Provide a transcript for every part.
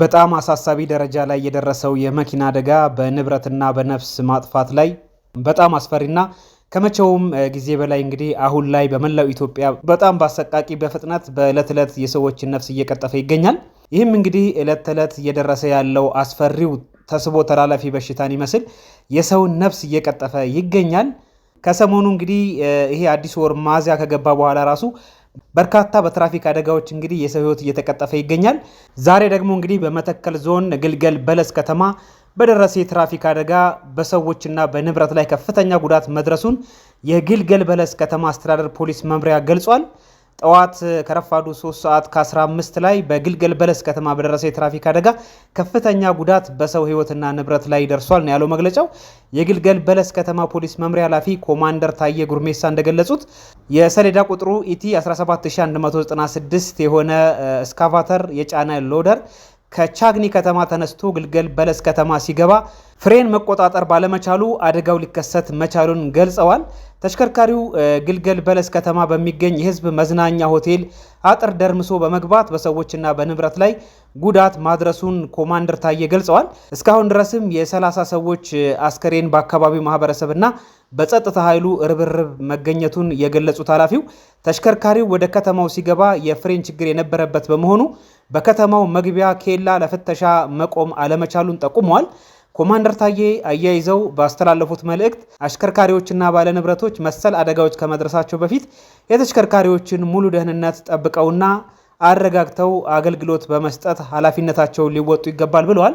በጣም አሳሳቢ ደረጃ ላይ የደረሰው የመኪና አደጋ በንብረትና በነፍስ ማጥፋት ላይ በጣም አስፈሪና ከመቼውም ጊዜ በላይ እንግዲህ አሁን ላይ በመላው ኢትዮጵያ በጣም በአሰቃቂ በፍጥነት በዕለት ዕለት የሰዎችን ነፍስ እየቀጠፈ ይገኛል። ይህም እንግዲህ ዕለት ተዕለት እየደረሰ ያለው አስፈሪው ተስቦ ተላላፊ በሽታን ይመስል የሰውን ነፍስ እየቀጠፈ ይገኛል። ከሰሞኑ እንግዲህ ይሄ አዲስ ወር ሚያዝያ ከገባ በኋላ ራሱ በርካታ በትራፊክ አደጋዎች እንግዲህ የሰው ህይወት እየተቀጠፈ ይገኛል። ዛሬ ደግሞ እንግዲህ በመተከል ዞን ግልገል በለስ ከተማ በደረሰ የትራፊክ አደጋ በሰዎችና በንብረት ላይ ከፍተኛ ጉዳት መድረሱን የግልገል በለስ ከተማ አስተዳደር ፖሊስ መምሪያ ገልጿል። ጠዋት ከረፋዱ 3 ሰዓት ከ15 ላይ በግልገል በለስ ከተማ በደረሰ የትራፊክ አደጋ ከፍተኛ ጉዳት በሰው ህይወትና ንብረት ላይ ደርሷል ነው ያለው መግለጫው። የግልገል በለስ ከተማ ፖሊስ መምሪያ ኃላፊ ኮማንደር ታየ ጉርሜሳ እንደገለጹት የሰሌዳ ቁጥሩ ኢቲ 17196 የሆነ እስካቫተር የጫነ ሎደር ከቻግኒ ከተማ ተነስቶ ግልገል በለስ ከተማ ሲገባ ፍሬን መቆጣጠር ባለመቻሉ አደጋው ሊከሰት መቻሉን ገልጸዋል። ተሽከርካሪው ግልገል በለስ ከተማ በሚገኝ የህዝብ መዝናኛ ሆቴል አጥር ደርምሶ በመግባት በሰዎችና በንብረት ላይ ጉዳት ማድረሱን ኮማንደር ታዬ ገልጸዋል። እስካሁን ድረስም የ30 ሰዎች አስከሬን በአካባቢው ማህበረሰብና በጸጥታ ኃይሉ ርብርብ መገኘቱን የገለጹት ኃላፊው ተሽከርካሪው ወደ ከተማው ሲገባ የፍሬን ችግር የነበረበት በመሆኑ በከተማው መግቢያ ኬላ ለፍተሻ መቆም አለመቻሉን ጠቁመዋል። ኮማንደር ታዬ አያይዘው ባስተላለፉት መልእክት አሽከርካሪዎችና ባለንብረቶች መሰል አደጋዎች ከመድረሳቸው በፊት የተሽከርካሪዎችን ሙሉ ደህንነት ጠብቀውና አረጋግተው አገልግሎት በመስጠት ኃላፊነታቸውን ሊወጡ ይገባል ብለዋል።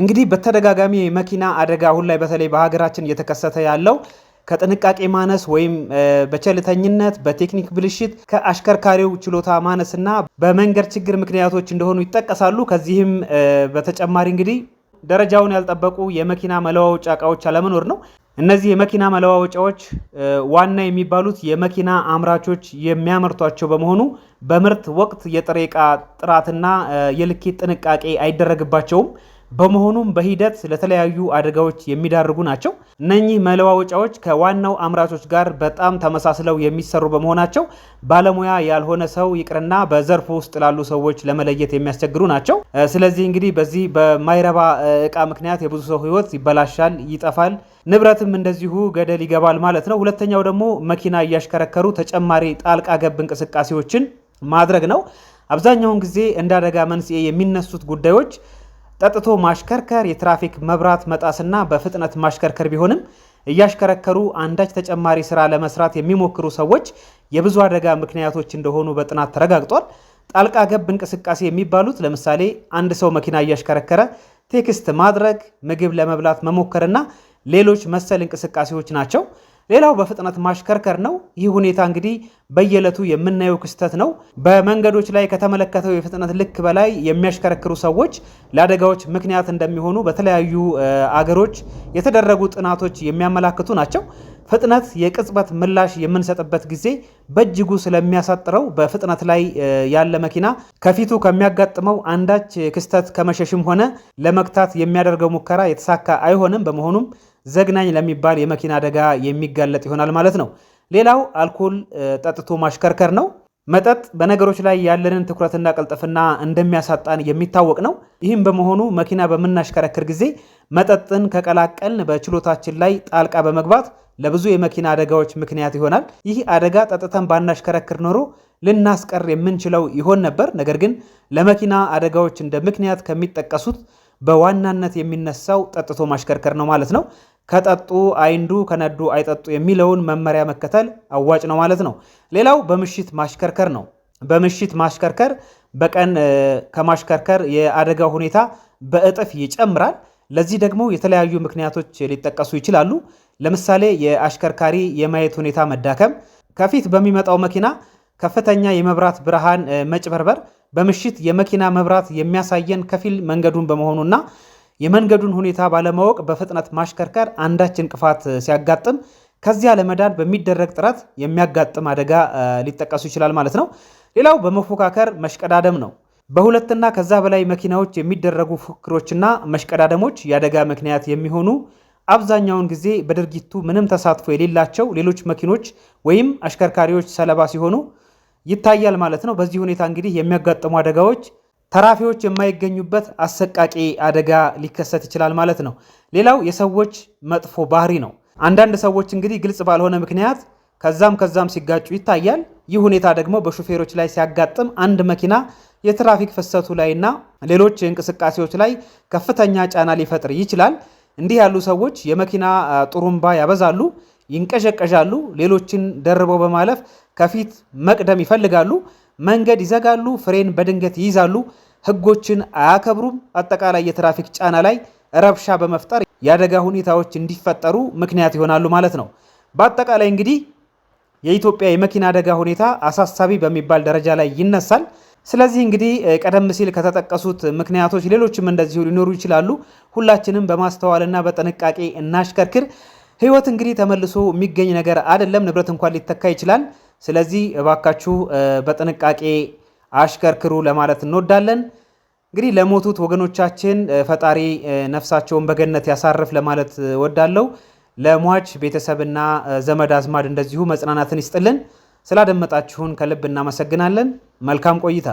እንግዲህ በተደጋጋሚ የመኪና አደጋ አሁን ላይ በተለይ በሀገራችን እየተከሰተ ያለው ከጥንቃቄ ማነስ ወይም በቸልተኝነት በቴክኒክ ብልሽት ከአሽከርካሪው ችሎታ ማነስና በመንገድ ችግር ምክንያቶች እንደሆኑ ይጠቀሳሉ። ከዚህም በተጨማሪ እንግዲህ ደረጃውን ያልጠበቁ የመኪና መለዋወጫ እቃዎች አለመኖር ነው። እነዚህ የመኪና መለዋወጫዎች ዋና የሚባሉት የመኪና አምራቾች የሚያመርቷቸው በመሆኑ በምርት ወቅት የጥሬ እቃ ጥራትና የልኬት ጥንቃቄ አይደረግባቸውም። በመሆኑም በሂደት ለተለያዩ አደጋዎች የሚዳርጉ ናቸው። እነኚህ መለዋወጫዎች ከዋናው አምራቾች ጋር በጣም ተመሳስለው የሚሰሩ በመሆናቸው ባለሙያ ያልሆነ ሰው ይቅርና በዘርፉ ውስጥ ላሉ ሰዎች ለመለየት የሚያስቸግሩ ናቸው። ስለዚህ እንግዲህ በዚህ በማይረባ እቃ ምክንያት የብዙ ሰው ህይወት ይበላሻል፣ ይጠፋል፣ ንብረትም እንደዚሁ ገደል ይገባል ማለት ነው። ሁለተኛው ደግሞ መኪና እያሽከረከሩ ተጨማሪ ጣልቃ ገብ እንቅስቃሴዎችን ማድረግ ነው። አብዛኛውን ጊዜ እንደ አደጋ መንስኤ የሚነሱት ጉዳዮች ጠጥቶ ማሽከርከር፣ የትራፊክ መብራት መጣስና በፍጥነት ማሽከርከር ቢሆንም እያሽከረከሩ አንዳች ተጨማሪ ስራ ለመስራት የሚሞክሩ ሰዎች የብዙ አደጋ ምክንያቶች እንደሆኑ በጥናት ተረጋግጧል። ጣልቃ ገብ እንቅስቃሴ የሚባሉት ለምሳሌ አንድ ሰው መኪና እያሽከረከረ ቴክስት ማድረግ፣ ምግብ ለመብላት መሞከርና ሌሎች መሰል እንቅስቃሴዎች ናቸው። ሌላው በፍጥነት ማሽከርከር ነው። ይህ ሁኔታ እንግዲህ በየዕለቱ የምናየው ክስተት ነው። በመንገዶች ላይ ከተመለከተው የፍጥነት ልክ በላይ የሚያሽከረክሩ ሰዎች ለአደጋዎች ምክንያት እንደሚሆኑ በተለያዩ አገሮች የተደረጉ ጥናቶች የሚያመላክቱ ናቸው። ፍጥነት የቅጽበት ምላሽ የምንሰጥበት ጊዜ በእጅጉ ስለሚያሳጥረው በፍጥነት ላይ ያለ መኪና ከፊቱ ከሚያጋጥመው አንዳች ክስተት ከመሸሽም ሆነ ለመግታት የሚያደርገው ሙከራ የተሳካ አይሆንም። በመሆኑም ዘግናኝ ለሚባል የመኪና አደጋ የሚጋለጥ ይሆናል ማለት ነው። ሌላው አልኮል ጠጥቶ ማሽከርከር ነው። መጠጥ በነገሮች ላይ ያለንን ትኩረትና ቅልጥፍና እንደሚያሳጣን የሚታወቅ ነው። ይህም በመሆኑ መኪና በምናሽከረክር ጊዜ መጠጥን ከቀላቀልን በችሎታችን ላይ ጣልቃ በመግባት ለብዙ የመኪና አደጋዎች ምክንያት ይሆናል። ይህ አደጋ ጠጥተን ባናሽከረክር ኖሮ ልናስቀር የምንችለው ይሆን ነበር። ነገር ግን ለመኪና አደጋዎች እንደ ምክንያት ከሚጠቀሱት በዋናነት የሚነሳው ጠጥቶ ማሽከርከር ነው ማለት ነው። ከጠጡ አይንዱ ከነዱ አይጠጡ የሚለውን መመሪያ መከተል አዋጭ ነው ማለት ነው። ሌላው በምሽት ማሽከርከር ነው። በምሽት ማሽከርከር በቀን ከማሽከርከር የአደጋ ሁኔታ በእጥፍ ይጨምራል። ለዚህ ደግሞ የተለያዩ ምክንያቶች ሊጠቀሱ ይችላሉ። ለምሳሌ የአሽከርካሪ የማየት ሁኔታ መዳከም፣ ከፊት በሚመጣው መኪና ከፍተኛ የመብራት ብርሃን መጭበርበር፣ በምሽት የመኪና መብራት የሚያሳየን ከፊል መንገዱን በመሆኑና የመንገዱን ሁኔታ ባለማወቅ በፍጥነት ማሽከርከር አንዳች እንቅፋት ሲያጋጥም ከዚያ ለመዳን በሚደረግ ጥረት የሚያጋጥም አደጋ ሊጠቀሱ ይችላል ማለት ነው። ሌላው በመፎካከር መሽቀዳደም ነው። በሁለትና ከዛ በላይ መኪናዎች የሚደረጉ ፉክክሮችና መሽቀዳደሞች የአደጋ ምክንያት የሚሆኑ አብዛኛውን ጊዜ በድርጊቱ ምንም ተሳትፎ የሌላቸው ሌሎች መኪኖች ወይም አሽከርካሪዎች ሰለባ ሲሆኑ ይታያል ማለት ነው። በዚህ ሁኔታ እንግዲህ የሚያጋጥሙ አደጋዎች ተራፊዎች የማይገኙበት አሰቃቂ አደጋ ሊከሰት ይችላል ማለት ነው። ሌላው የሰዎች መጥፎ ባህሪ ነው። አንዳንድ ሰዎች እንግዲህ ግልጽ ባልሆነ ምክንያት ከዛም ከዛም ሲጋጩ ይታያል። ይህ ሁኔታ ደግሞ በሹፌሮች ላይ ሲያጋጥም አንድ መኪና የትራፊክ ፍሰቱ ላይና ሌሎች እንቅስቃሴዎች ላይ ከፍተኛ ጫና ሊፈጥር ይችላል። እንዲህ ያሉ ሰዎች የመኪና ጥሩምባ ያበዛሉ፣ ይንቀዠቀዣሉ፣ ሌሎችን ደርበው በማለፍ ከፊት መቅደም ይፈልጋሉ። መንገድ ይዘጋሉ፣ ፍሬን በድንገት ይይዛሉ፣ ህጎችን አያከብሩም። አጠቃላይ የትራፊክ ጫና ላይ ረብሻ በመፍጠር የአደጋ ሁኔታዎች እንዲፈጠሩ ምክንያት ይሆናሉ ማለት ነው። በአጠቃላይ እንግዲህ የኢትዮጵያ የመኪና አደጋ ሁኔታ አሳሳቢ በሚባል ደረጃ ላይ ይነሳል። ስለዚህ እንግዲህ ቀደም ሲል ከተጠቀሱት ምክንያቶች ሌሎችም እንደዚሁ ሊኖሩ ይችላሉ። ሁላችንም በማስተዋልና በጥንቃቄ እናሽከርክር። ህይወት እንግዲህ ተመልሶ የሚገኝ ነገር አይደለም። ንብረት እንኳን ሊተካ ይችላል። ስለዚህ እባካችሁ በጥንቃቄ አሽከርክሩ ለማለት እንወዳለን። እንግዲህ ለሞቱት ወገኖቻችን ፈጣሪ ነፍሳቸውን በገነት ያሳርፍ ለማለት ወዳለው ለሟች ቤተሰብና ዘመድ አዝማድ እንደዚሁ መጽናናትን ይስጥልን። ስላደመጣችሁን ከልብ እናመሰግናለን። መልካም ቆይታ